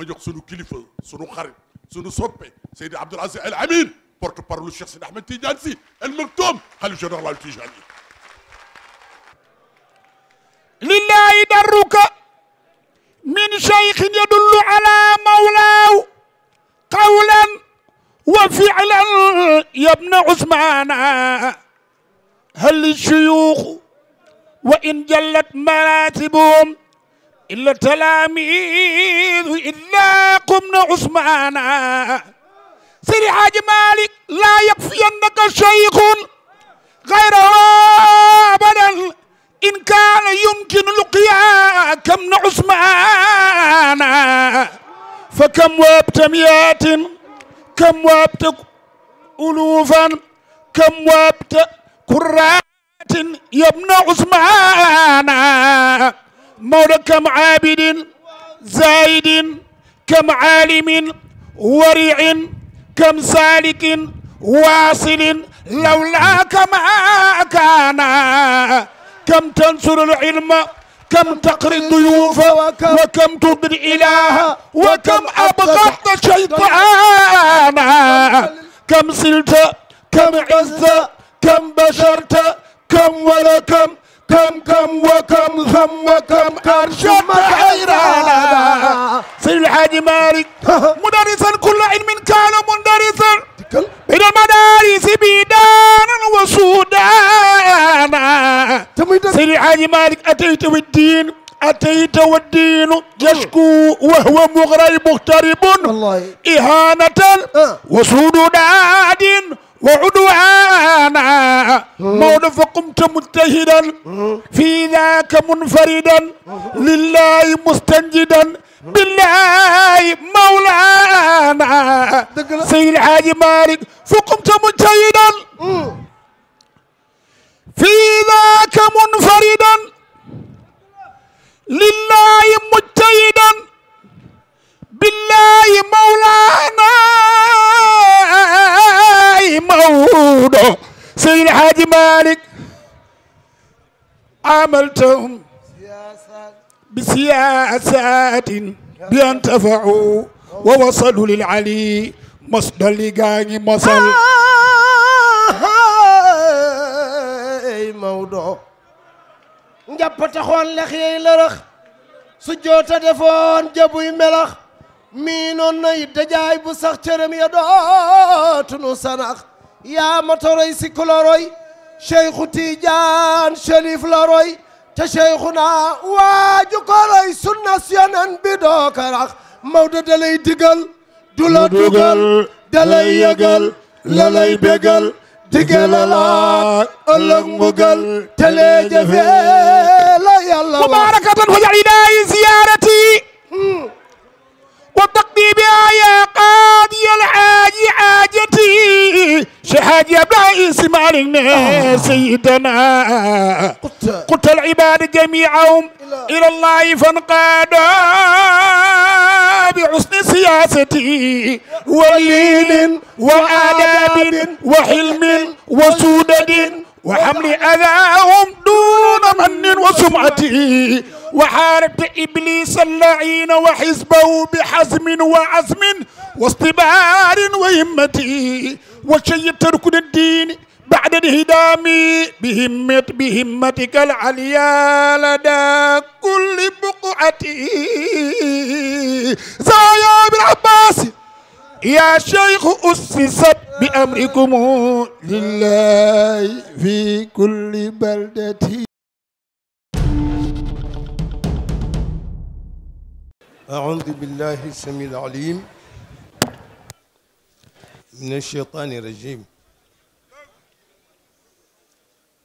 ma jox sunu kilifa sunu xarit sunu soppe Seydi Abdoul Aziz Al Amin porte parole Cheikh Seydi Ahmed Tidiane Sy Al Maktoum khalife général Tijani lillahi darruka min cheikhin yadullu ala mawlaaw qawlan wa fi'lan yabna usmana hal lishuyukh wa in jallat maratibuhum إلا تلاميذ إلا قمنا عثمانا سيري حاج مالك لا يكفينك شيخ غيره أبدا إن كان يمكن لقياك من عثمانا فكم وابت مئات كم وابت ألوفا كم وابت كرات يا ابن عثمانا Maodo kam aabidin zaayidin kam aalimin wariin kam saalikin waasilin lawlaaka maa kaana kam tansurul ilma kam taqri duyuufa wa kam tudri ilaaha wa kam abgadta shaytaana kam silta kam izza kam basharta kam wala kam كم كم وكم ثم كم قرش مكيرانا سيد الحاج مالك مدرسا كل علم كان مدرسا من المدارس بدانا وسودانا سيد الحاج مالك أتيت بالدين أتيت والدين يشكو وهو مغرب مغترب إهانة وسوداد وعدوانا مولى فقمت مجتهدا في ذاك منفردا لله مستنجدا بالله مولانا سيد الحاج مالك فقمت مجتهدا في ذاك منفردا لله استقبلتهم بسياسات بأن تفعوا ووصلوا للعلي مصدر لقاني مصل موضوع njàpp taxoon lex yey lërëx su joota defoon jabuy melax mii noon na it dajaay bu sax cërëm ya dootunu sanax yaa ma toroy si kuloroy Cheikhu Tiijaan Cherif la roy te Cheikhuna waaju ko roy sunna yonen bi doo ko rax Maodo da lay digal du la dugal da lay yëgal la lay bégal digala la ëllëg mbugal tele jafe la yàlla wa mubaarakatan wajal idaay ziyaarati hmm. وتقضي بها يا قاضي الحاج حاجتي شحاج يا ابن اسماعيل سيدنا قلت العباد جميعهم الى الله فانقادوا بحسن سياستي ولين واداب وحلم وسودد وحمل أذاهم دون من وسمعتي وحاربت إبليس اللعين وحزبه بحزم وعزم واصطبار وهمتي وشيت ركن الدين بعد انهدام بهمت بهمتك العليا لدى كل بقعتي زايا بالعباس يا شيخ أسست بأمركم لله في كل بلدة أعوذ بالله السميع العليم من الشيطان الرجيم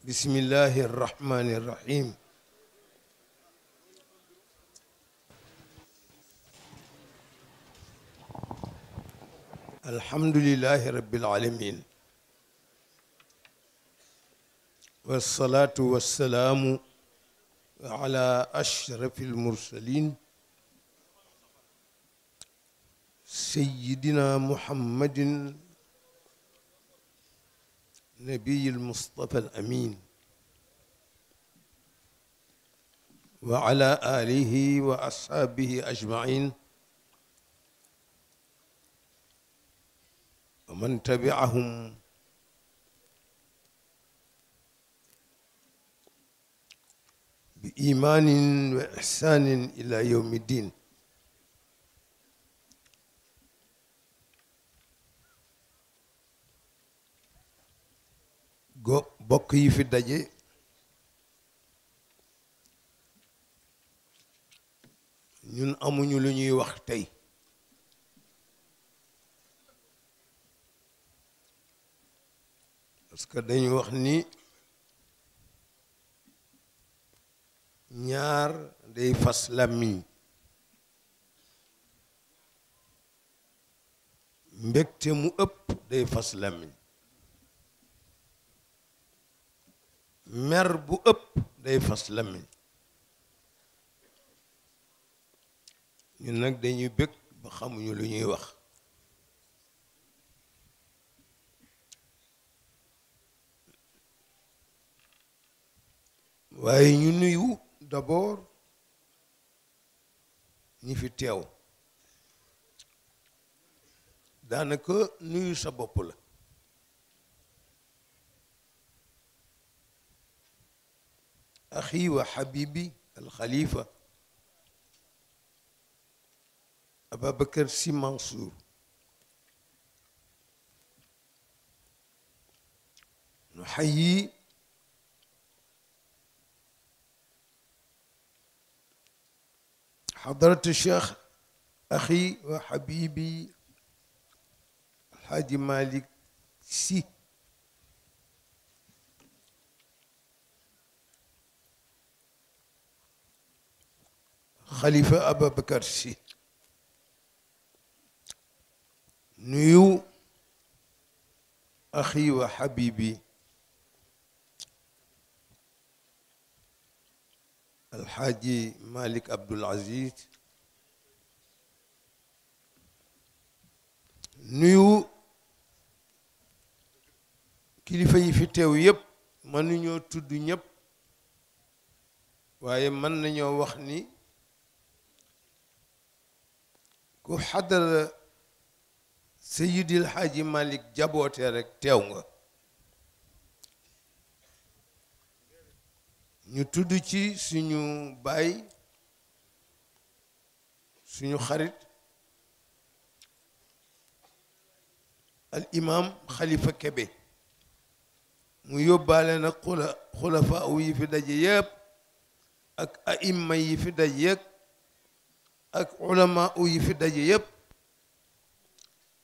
بسم الله الرحمن الرحيم alhamdulillahi rabbil alamin wassalaatu wassalaamu ala ashraf almursalin sayyidina muhammadin nabiy almustafa alamin wa ala alihi wa ashaabihi ajmain wa man tabiahum bi imaanin wa ihsaanin ila yawmi diin go bokk yi fi daje ñun amuñu lu ñuy wax tey parce que dañu wax ni ñaar day fas làmmiñ mbégte mu ëpp day fas làmmiñ mer bu ëpp day fas làmmiñ ñun nag dañuy bég ba xamuñu lu ñuy wax waaye ñu nuyu d'abord ñi fi teew daanaka nuyu sa bopp la axi wa xabibi alxalifa ababacar si mansour nu xayi xadaratu cheikh axi wa xabibi alxaaji malik si xalifa ababacar si nuyu axi wa xabibi alxaaji malik abdul aziz nuyu kilifa yi fi teew yépp mënuñoo tudd ñépp waaye mën nañoo wax ni ku xadara sayidil xaaji malik jaboote rekk teew nga ñu tudd ci suñu baay suñu xarit al imam xalifa Kebe mu yóbbaale nag xula xulafa yi fi daje yëpp ak aimma yi fi daje yëpp ak ulama yi fi daje yëpp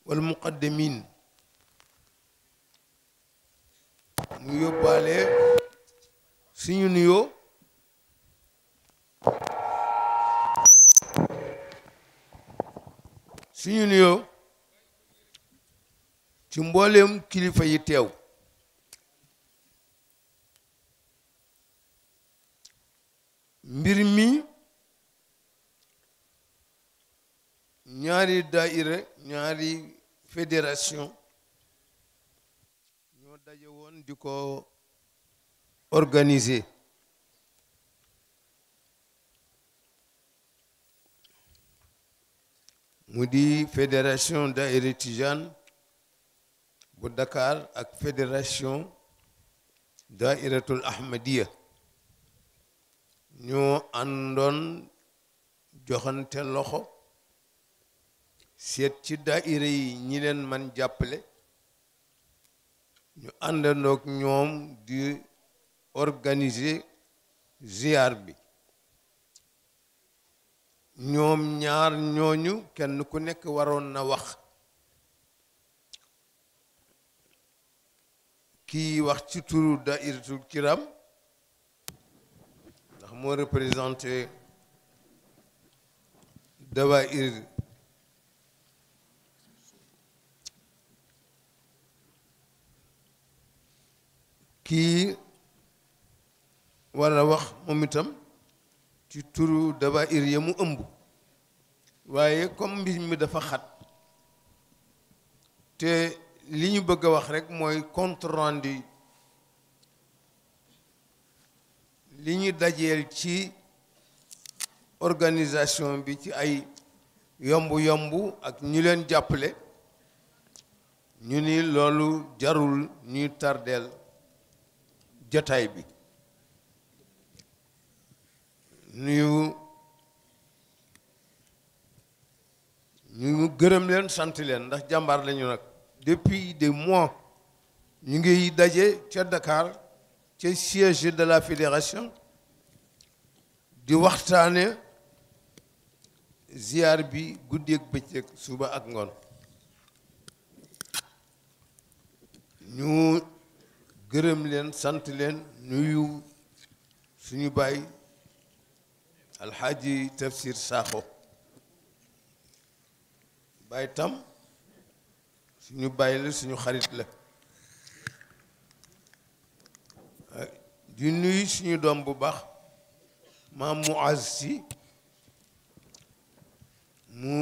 wal muqaddamin mu yóbbaale suñu nuyoo suñu nuyoo ci mbooleem kilifa yi teew mbir mi ñaari daayira ñaari fédération ñoo daje woon di ko organisé mu di fédération daayira tijaan bu Dakar ak fédération dairatul ahmadiya ñoo àndoon joxante loxo seet ci daaira yi ñi leen man jàppale ñu àndandook ñoom di organiser ziar bi ñoom ñaar ñooñu kenn ku nekk waroon na wax kii wax ci turu dairatul kiram ndax moo représenté dawair kii war a wax moom itam ci turu dabair ya mu ëmb waaye comme mbir mi dafa xat te li ñu bëgg a wax rek mooy compte rendu li ñu dajeel ci organisation bi ci ay yomb-yomb ak ñu leen jàppale ñu ni loolu jarul ñuy tardeel jataay bi gërëm leen sant leen ndax jàmbaar lañu nag depuis de mois ñu ngi daje ca Dakar ca siège de la fédération di waxtaane ziar bi guddi ak bëccëg suba ak ngoon ñu gërëm leen sant leen nuyu suñu baay alxaaji Tafsir Sakho bàyyi tam suñu bàyyi la suñu xarit la di nuyu suñu doom bu baax maam mu si mu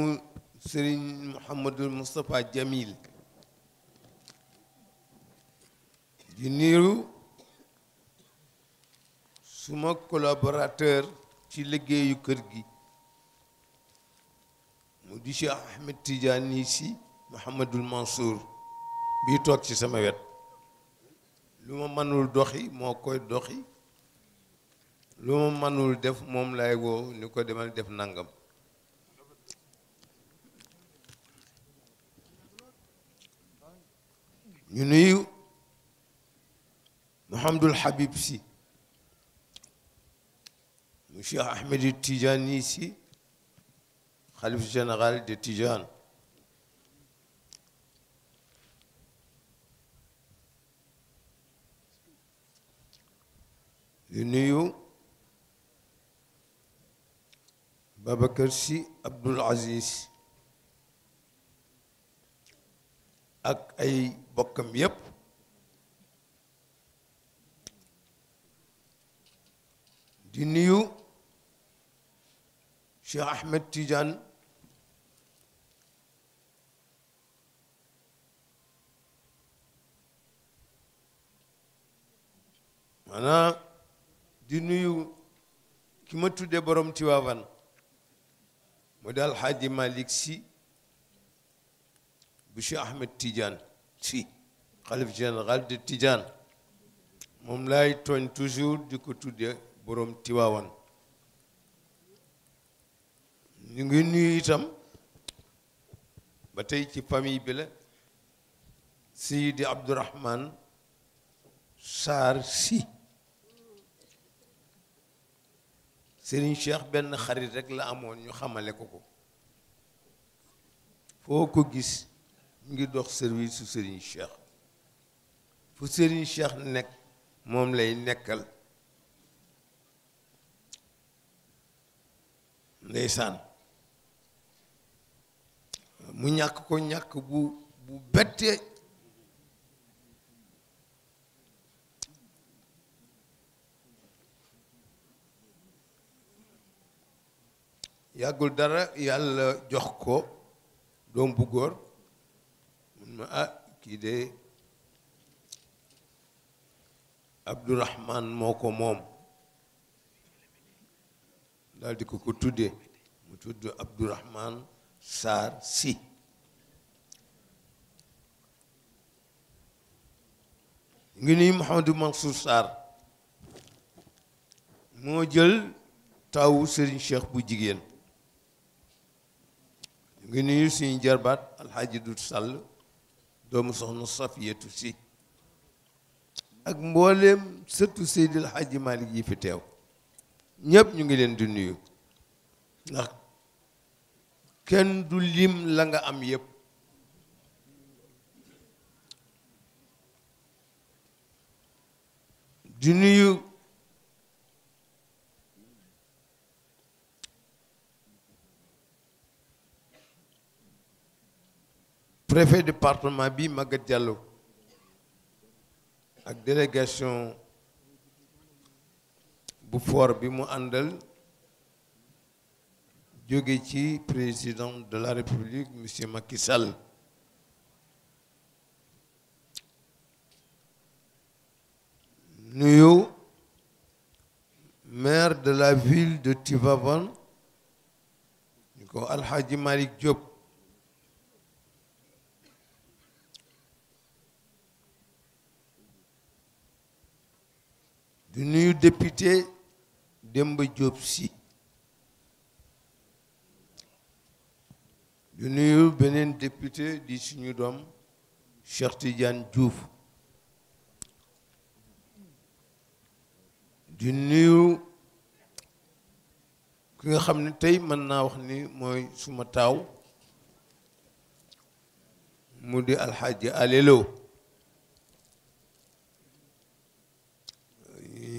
sëriñ Mouhamadul Moustapha Jamil di nuyu suma collaborateur ci liggéeyu kër gi mu di Cheikh Ahmed Tidiane si Mouhamadul Mansour bii toog ci sama wet lu ma mënul doxi moo koy doxi lu ma mënul def moom lay woo ni ko demal def nangam ñu nuyu Mouhamadul Habib si mu Cheikh Ahmed Tidiane si xalif général de Tijane yu nuyu Babacar Sy Abdoul Aziz ak ay bokkam yépp di nuyu Cheikh Ahmed Tidiane maanaam di nuyu ki ma tudde borom Tiwaawan mu daal Alxaaji Malick Sy bu Cheikh Ahmed Tidiane Sy xalif général de Tidiane moom laay tooñ toujours di ko tudde borom Tiwaawan ñu ngi nuyu itam ba tey ci famille bi la Seydi Abdourahmane Sarr Sy sëriñ Cheikh benn xarit rek la amoon ñu xamale ko ko foo ko gis mu ngi dox service sëriñ Serigne Cheikh fu Serigne Cheikh nekk moom lay nekkal ndeysaan mu ñàkk ko ñàkk bu bu bettee yàggul dara yàlla jox ko doom bu góor mun ma ah kii de Abdourahman moo ko moom daal di ko ko tuddee mu tudd Abdourahman Sarr Sy ngi nuy Mouhamadou Mansour Sarr moo jël taw Serigne Cheikh bu jigéen ngi nuyu suñu jarbaat alxaaji du Sàll doomu soxna Safiyatu Si ak mboolem sëttu Seydil Xaaji Maalik yi fi teew ñépp ñu ngi leen di nuyu ndax kenn du lim la nga am yépp di nuyu préfet département bi Maguette Diallo ak délégation bu fort bi mu àndal jóge ci président de la république monsieur Macky nuyu maire de la ville de Tivaouane ñu ko Alhaji Malick Diop du nuyu député démb Diop si du nuyu beneen député di suñu doom Cheikh Tidiane Diouf du nuyu ki nga xam ni tey mën naa wax ni mooy suma taaw mu di alxaaji alelo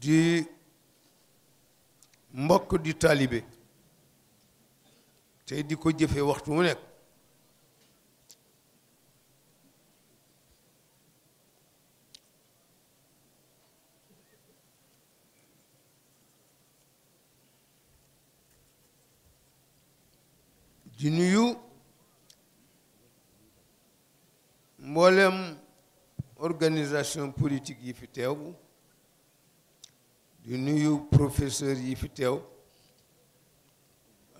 di mbokk di taalibe te di ko jëfe waxtu mu nekk di nuyu mboolem organisation politique yi fi teewu di nuyu professeur yi fi teew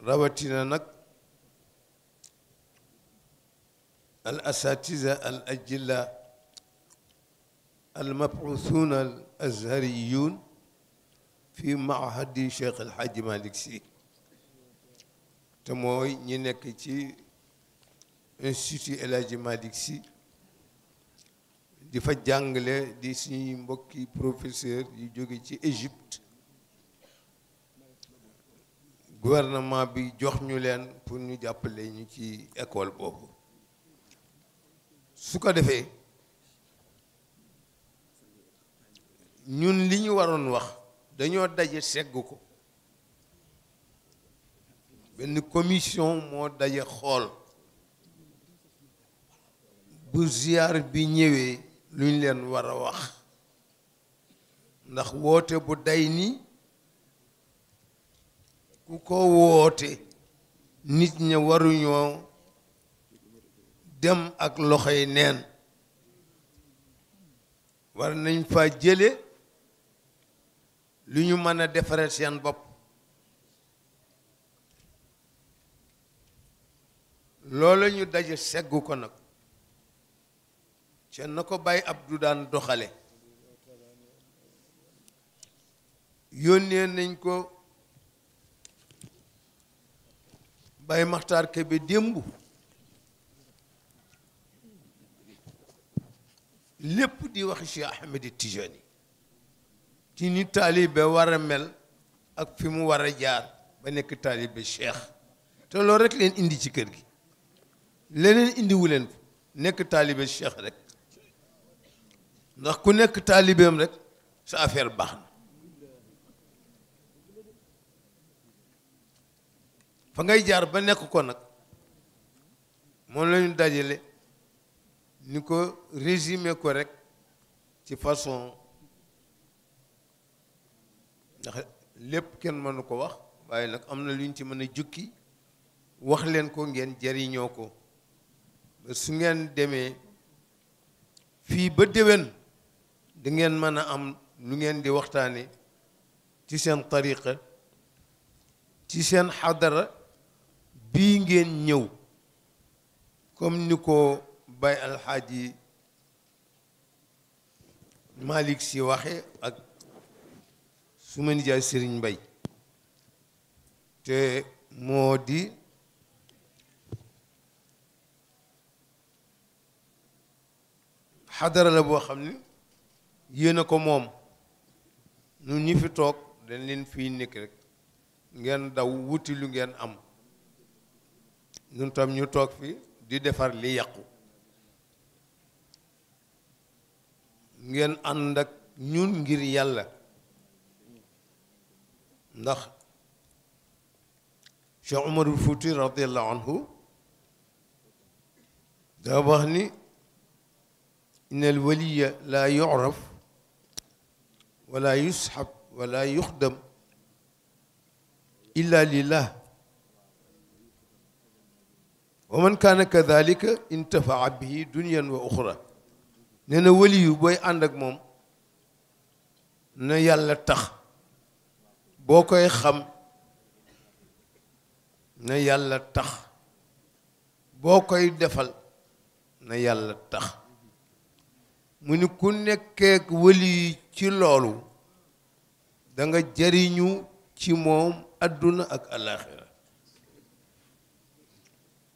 rawatina nag al asatiza al ajilla al mabuthuna al azhariyun fi mahadi cheikh al haaji malik si te mooy ñi nekk ci institut el haaji malik si di fa jàngale di suñuy mbokki professeur yu jóge ci Égypte gouvernement bi jox ñu leen pour ñu jàppale ñu ci école boobu su ko defee ñun li ñu waroon wax dañoo daje segg ko benn commission moo daje xool bu ziar bi ñëwee lu ñu leen war a wax ndax woote bu day ni ku ko woote nit ña waruñoo dem ak loxoy neen war nañ fa jële lu ñu mën a defaree seen bopp loola ñu daje seggu ko nag ca na ko bàyyi Abdou daan doxale yónnee nañ ko Baye Makhtar Kébé démb lépp di wax Cheikh Ahmed Tijani ci ni taalibe war a mel ak fi mu war a jaar ba nekk taalibe cheikh te loolu rek leen indi ci kër gi leneen indiwu leen nekk taalibe cheikh rek ndax ku nekk taalibeem rek sa affaire baax na fa ngay jaar ba nekk ko nag moom lañu dajale ni ko résime ko rek ci façon ndax lépp kenn mënu ko wax waaye nag am na lu ñu ci mën a jukki wax leen ko ngeen jariñoo ko su ngeen demee fii ba déwén di mën a am lu ngeen di waxtaane ci seen tariqa ci seen xadara bii ngeen ñëw comme ni ko bay alxaaji Malick si waxe ak su ma nijaay sëriñ mbay te moo di xadara la boo xam ni yéen a ko moom ñun ñi fi toog dañ leen fii nekk rek ngeen daw wuti lu ngeen am ñun tam ñu toog fi di defar li yàqu ngeen ànd ak ñun ngir yàlla ndax Cheikh Umarul Fuuti radiallahu anhu daa ni inal waliya laa yuraf wala yusxab wala yuxdam illa lillah wa man kaana kadalika intafaa bihi dunyan wa uxra nee na wali yu booy moom na yàlla tax boo koy xam na yàlla tax boo koy defal na yàlla tax mu ni ku nekkeek wëli yi ci loolu danga jariñu ci moom àdduna ak alaxira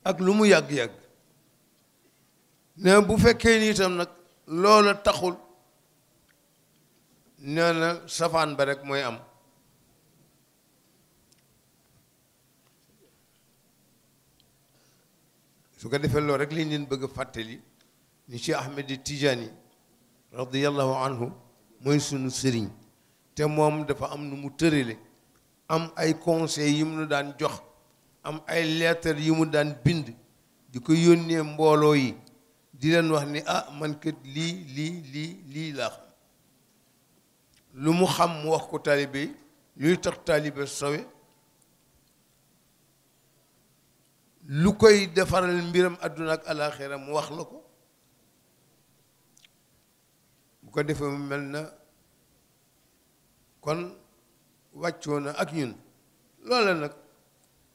ak lu mu yàgg-yàgg ne bu fekkee ni itam nag loola taxul nee na safaan ba rek mooy am su ko defee loolu rek liñ leen bëgg fàttali ni ci Ahmed Tijani radiyallahu anhu mooy sunu sëriñ te moom dafa am nu mu tërale am ay conseil yi mu nu daan jox am ay leetar yi mu daan bind di ko yónnee mbooloo yi di leen wax ni ah man kat lii lii lii lii laa xam lu mu xam mu wax ko taalibe yi luy tax taalibe sowe lu koy defaral mbiram àdduna ak alaaxira mu wax la ko ko defee mu mel na kon wàccoo na ak ñun loole nag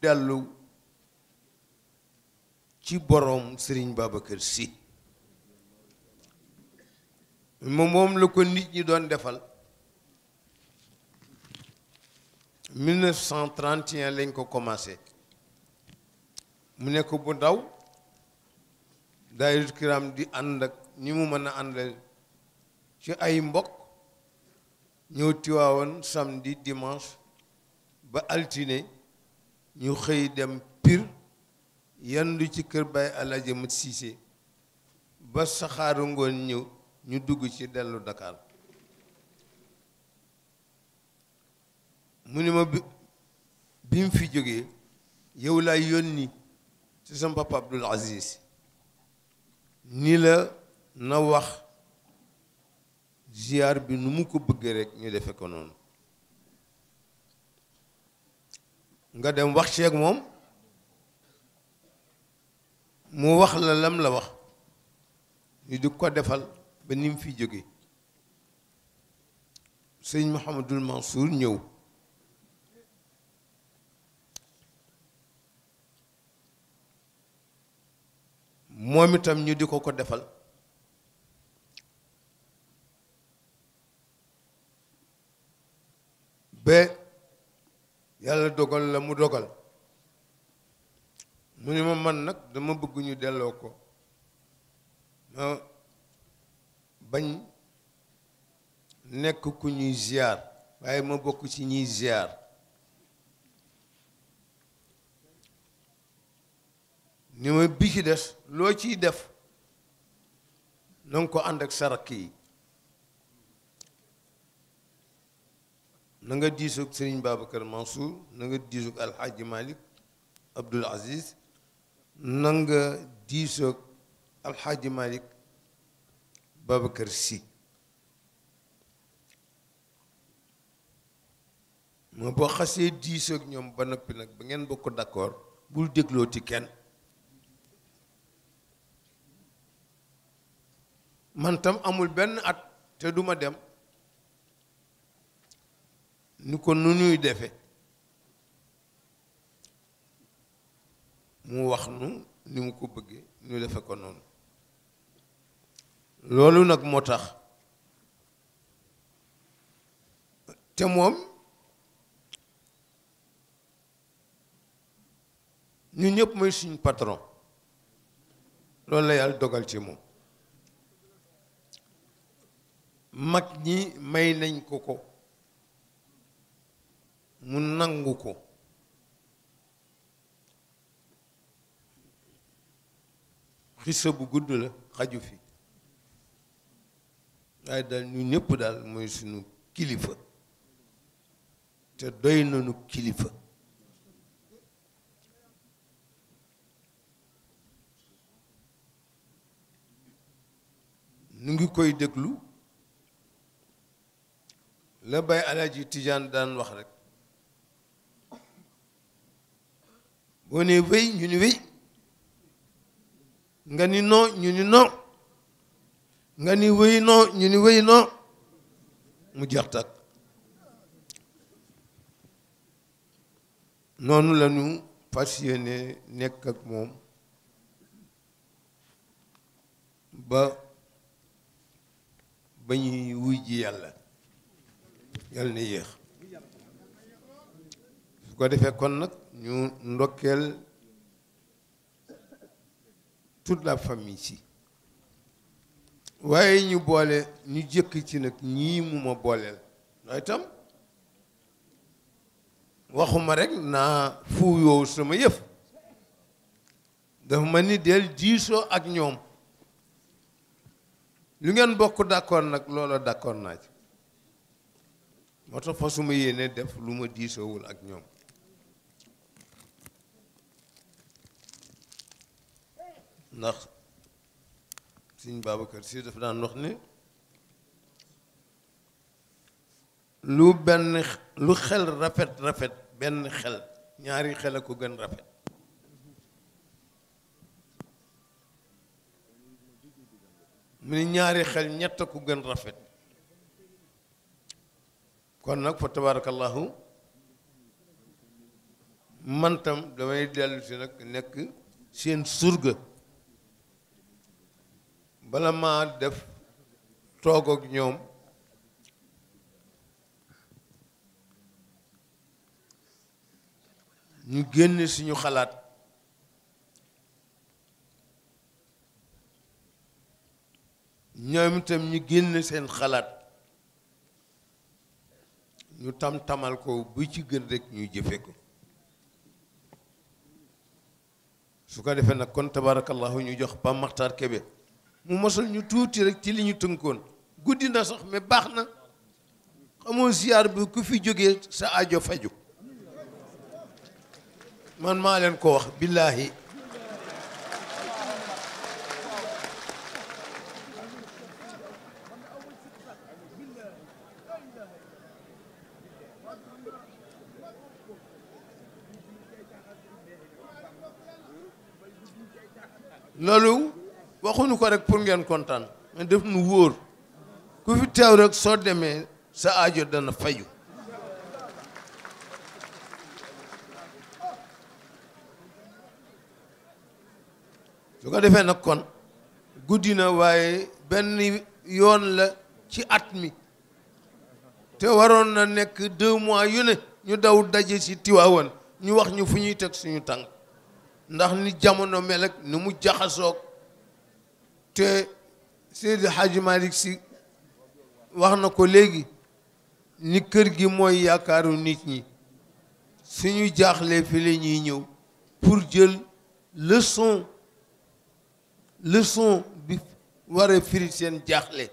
dellu ci boroom sëriñ Babacar si moom la ko nit ñi doon defal 1931 lañ ko commencé mu nekk bu ndaw daayira kiram di ànd ak ñi mu mën a àndal ci ay mbokk ñëw tiwaawoon samedi dimanche ba altine ñu xëy dem pir yandu ci kër Baay Alaaji Mat Siise ba saxaaru ngoon ñëw ñu dugg ci dellu Dakar mu ni ma bi mu fi jógee yow laay yónni ci sa papa Abdul Aziz ni la na wax ziar bi nu mu ko bëggee rek ñu defe ko noonu nga dem wax ceeg moom mu wax la lam la wax ñu di ko defal ba ni mu fi jóge sëñ Mouhamadul Mansour ñëw moom itam ñu di ko ko defal ba yàlla dogal la mu dogal mu ni ma man nag dama bëgguñu delloo ko ma bañ nekk ku ñuy ziar waaye ma bokk ci ñuy ziar ni ma bi des loo ciy def na ko ànd ak sarak yi na nga diisoog Serigne Babacar Mansour na nga diisoog Alxaaji Malick Abdoul Aziz na nga diisoog Alxaaji Malick Babacar Sy moo boo xasee diisoog ñoom ba noppi nag ba ngeen bokk dakoor bul dégloo ci kenn mantam amul benn at te duma dem ni ko nu ñuy defe mu wax nu ni mu ko bëggee ñu defe ko noonu loolu nag moo tax te moom ñu ñëpp mooy suñ patron loolu la yàlla dogal ci moom mag ñi may nañ ko ko mu nangu ko xisa bu gudd la xaju fi waaye daal ñu ñëpp daal mooy suñu kilifa te doy nañu kilifa nu ngi koy déglu la bay Alaaji Tijaan daan wax rekk wane ne wéy ñu ni wéy nga ni non ñu ni non nga ni wéy non ñu ni wéy non mu jox tak noonu la ñu fas yéene nekk ak moom ba ba ñuy wuy ji yàlla yàlla na yéex su ko defee kon nag ñu ndokkeel toute la famille si waaye ñu boole ñu jëkk ci nag ñii mu ma booleel nooy tam waxuma rek naa fuuyoo sama yëf dafa ma ni del diisoo ak ñoom lu ngeen bokk d'accord nag loola d'accord naa ci moo tax fasuma yéene def lu ma diisoowul ak ñoom ndax sëñ Babacar Si dafa daan wax ni lu benn lu xel rafet rafet benn xel ñaari xel a ko gën rafet mu ne ñaari xel ñett a ko gën rafet kon nag fa tabarakallahu mantam tam damay dellu si nag nekk seen surga bala maa def toogook ñoom ñu génn suñu xalaat ñoom itam ñu génn seen xalaat ñu tam-tamal ko bu ci gën rek ñu jëfe ko su ko defee nag kon tabarakallahu ñu jox Pape Makhtar Kébé mu mosal ñu tuuti rek ci li ñu tënkoon guddi na sax mais baax na xamoo ziyaar bi ku fi jóge sa ajo faju man maa leen ko wax billaahi loolu defuñu ko rek pour ngeen kontaan mais def nu wóor ku fi teew rek soo demee sa ajo dana fayu su ko defee na kon guddi na waaye benn yoon la ci at mi te waroon na nekk deux mois yu ne ñu daw daje ci Tiwaawan ñu wax ñu fu ñuy teg suñu tànk ndax ni jamono mel ak ni mu jaxasook te Seydi Hadji Malick Sy wax na ko léegi ni kër gi mooy yaakaaru nit ñi suñu jaaxle fi la ñuy ñëw pour jël leçon leçon bi war a seen jaaxle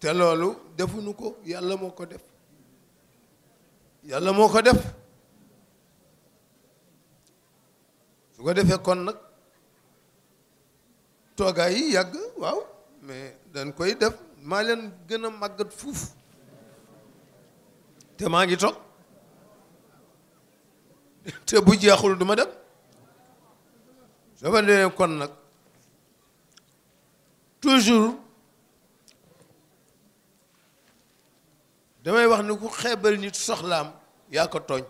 te loolu defuñu ko yàlla moo ko def yàlla moo ko def su ko defee kon nag toogaay yi yàgg waaw mais dañ koy def maa leen gën a màggat fuuf te maa ngi toog te bu jeexul du ma dem dafa ne kon nag toujours damay wax ni ku xeebal nit soxlaam yaa ko tooñ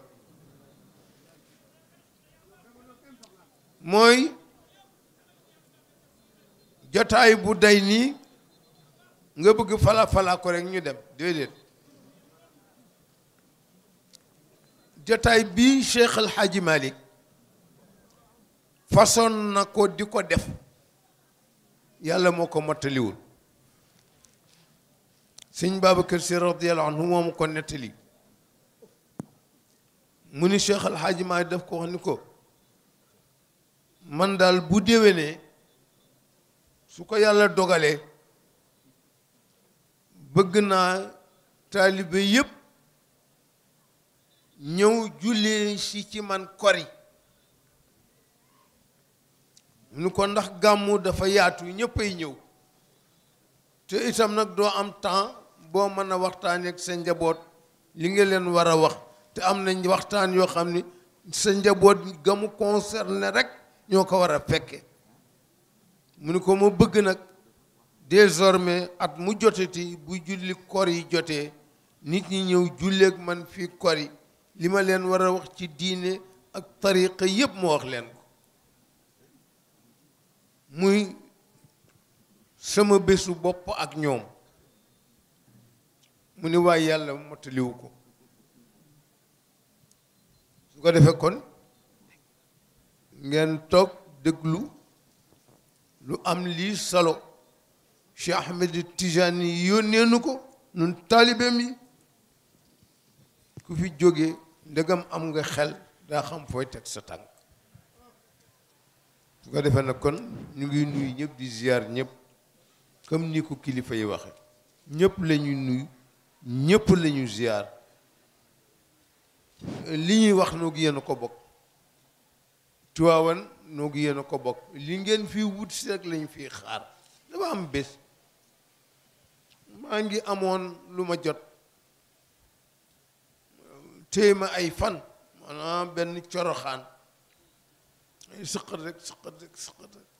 mooy jotaay bu day nii nga bëgg fala fala ko rek ñu dem déedéet jotaay bii Cheikh El Hadji Malick façon na ko di ko def yàlla moo ko mottaliwul sëñ Babacar Si radiyallahu anhu moomu ko nettali mu ni Cheikh El Hadji Malick daf ko wax ni ko man daal bu déwénee su ko yàlla dogalee bëgg naa taalibe yépp ñëw jullee si ci man kori nu ko ndax gàmmu dafa yaatu ñëppay ñëw te itam nag doo am temps boo mën a waxtaanee ak sa njaboot li nga leen war a wax te am nañ waxtaan yoo xam ni sa njaboot gamu concerné rek ñoo ko war a fekke mu ni ko ma bëgg nag désormais at mu jotati bu julli kor yi jotee nit ñi ñëw julleeg man fii kori li ma leen war a wax ci diine ak tariqa yépp mu wax leen ko muy sama bésu bopp ak ñoom mu ni waaye yàlla mottaliwu ko su ko defee kon ngeen toog déglu lu am lii salo Cheikh Ahmed Tijani yónnee nu ko nun taalibeem yi ku fi jóge ndegam am nga xel daa xam fooy teg sa tànk su ko defe na kon ñu ngi nuy ñëpp di ziar ñépp comme ni ko kilifa yi waxe ñépp lañu ñu ñépp lañu la ñu li ñuy wax noog yéen ko bokk Tiwaawan noo gi ko bokk li ngeen fii wut si rek lañ fii xaar dafa am bés maa ngi amoon lu ma jot téye ma ay fan maanaam benn coroxaan ay sëqat rek sëqat rek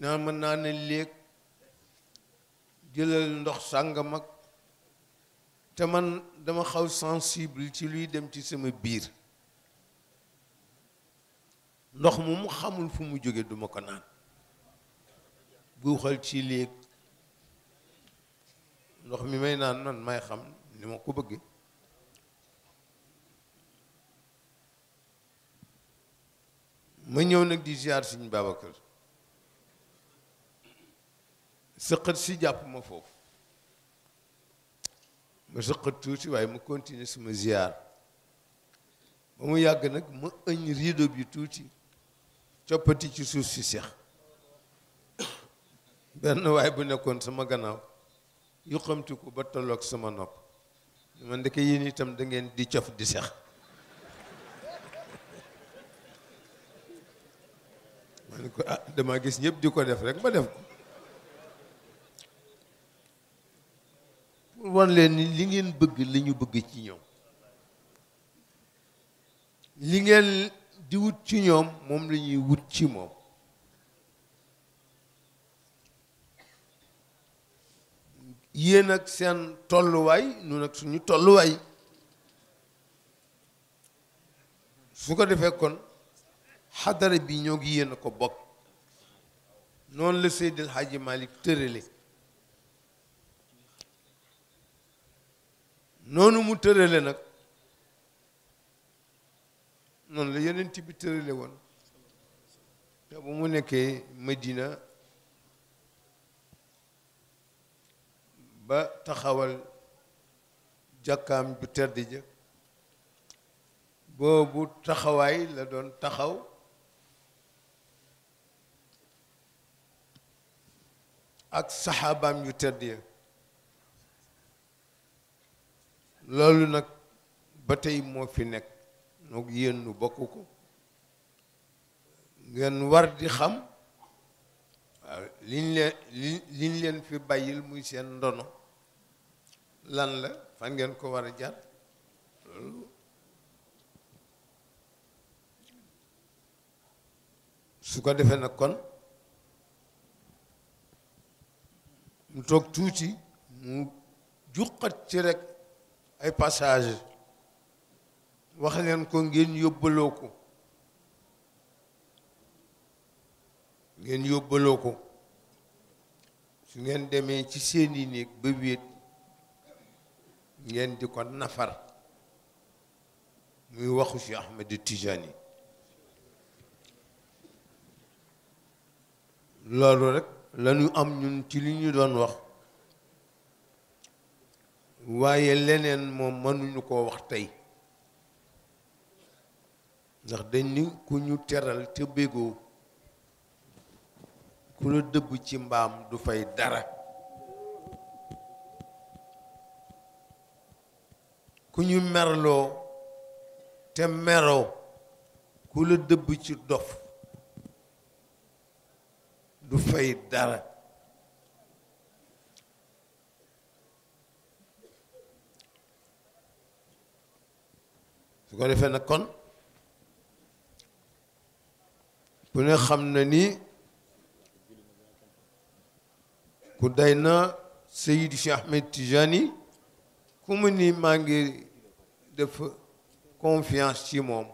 naa mën naa ne léeg jëlal ndox sàngam mag te man dama xaw sensible ci luy dem ci sama biir ndox mu mu xamul fu mu jóge duma ko naan buuxal ci léeg ndox mi may naan noon may xam ni ma ko bëgge ma ñëw nag di ziar suñu Babacar sëqat si jàpp ma foofu ma sëqat tuuti waaye ma continuer suma ziar ba mu yàgg nag ma ëñ rideau bi tuuti coppati ci suuf si seex benn waay bu nekkoon sama gannaaw yu ko ba tolloog sama nopp man ndeke yéen itam da ngeen di cof di seex man ko ah dama gis ñépp di ko def rek ma def ko pour wan leen li ngeen bëgg li bëgg ci ñëw li ngeen di wut ci ñoom moom lañuy wut ci moom yéen ak seen tolluwaay nun ak suñu tolluwaay su ko defee kon xadara bi ñoo ngi yéen a ko bokk noonu la Seydil Hadji Malick tërale noonu mu tërale nag noonu la yeneen bi tërale woon te bu mu nekkee Medina ba taxawal jàkkaam ju tedd ja boobu taxawaay la doon taxaw ak saxaabaam yu tedd ya loolu nag ba tey moo fi nekk noog yéen nu bokk ko ngeen war di xam waaw liñ leen li liñ leen fi bàyyil muy seen ndono lan la fan ngeen ko war a jar su ko defee nag kon mu toog tuuti mu juqat ci rek ay passage waxleen ko ngeen yóbbaloo ko ngeen yóbbaloo ko su ngeen demee ci seeni néeg ba wéet ngeen di ko nafar muy waxu si Ahmed Tijani loolu rek lañu am ñun ci li ñu doon wax waaye leneen moom mënuñu koo wax tey ndax dañ ni ku ñu teral te bégoo ku la dëbb ci mbaam du fay dara ku ñu merloo te meroo ku la dëbb ci dof du fay dara su ko defee na kon ku ne xam na ni ku day na Seydi Cheikh Ahmed Tijani ku mu ni maa ngi def confiance ci moom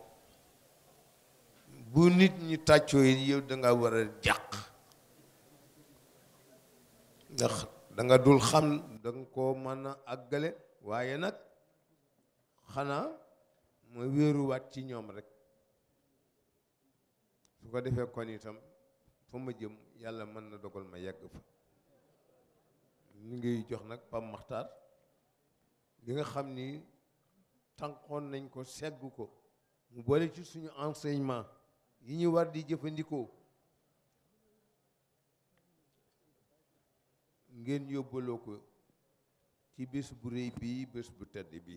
bu nit ñi tàccoo yi danga war a jàq ndax danga dul xam danga nga koo mën a àggale waaye nag xanaa mooy wéeruwaat ci ñoom rek su ko defee kon itam fa ma jëm yàlla mën na dogal ma yàgg fa ñu ngi jox nag Pape Makhtar li nga xam ni tànqoon nañ ko segg ko mu boole ci suñu enseignement yi ñu war di jëfandikoo ngeen yóbbaloo ko ci bés bu rëy bii bés bu tedd bi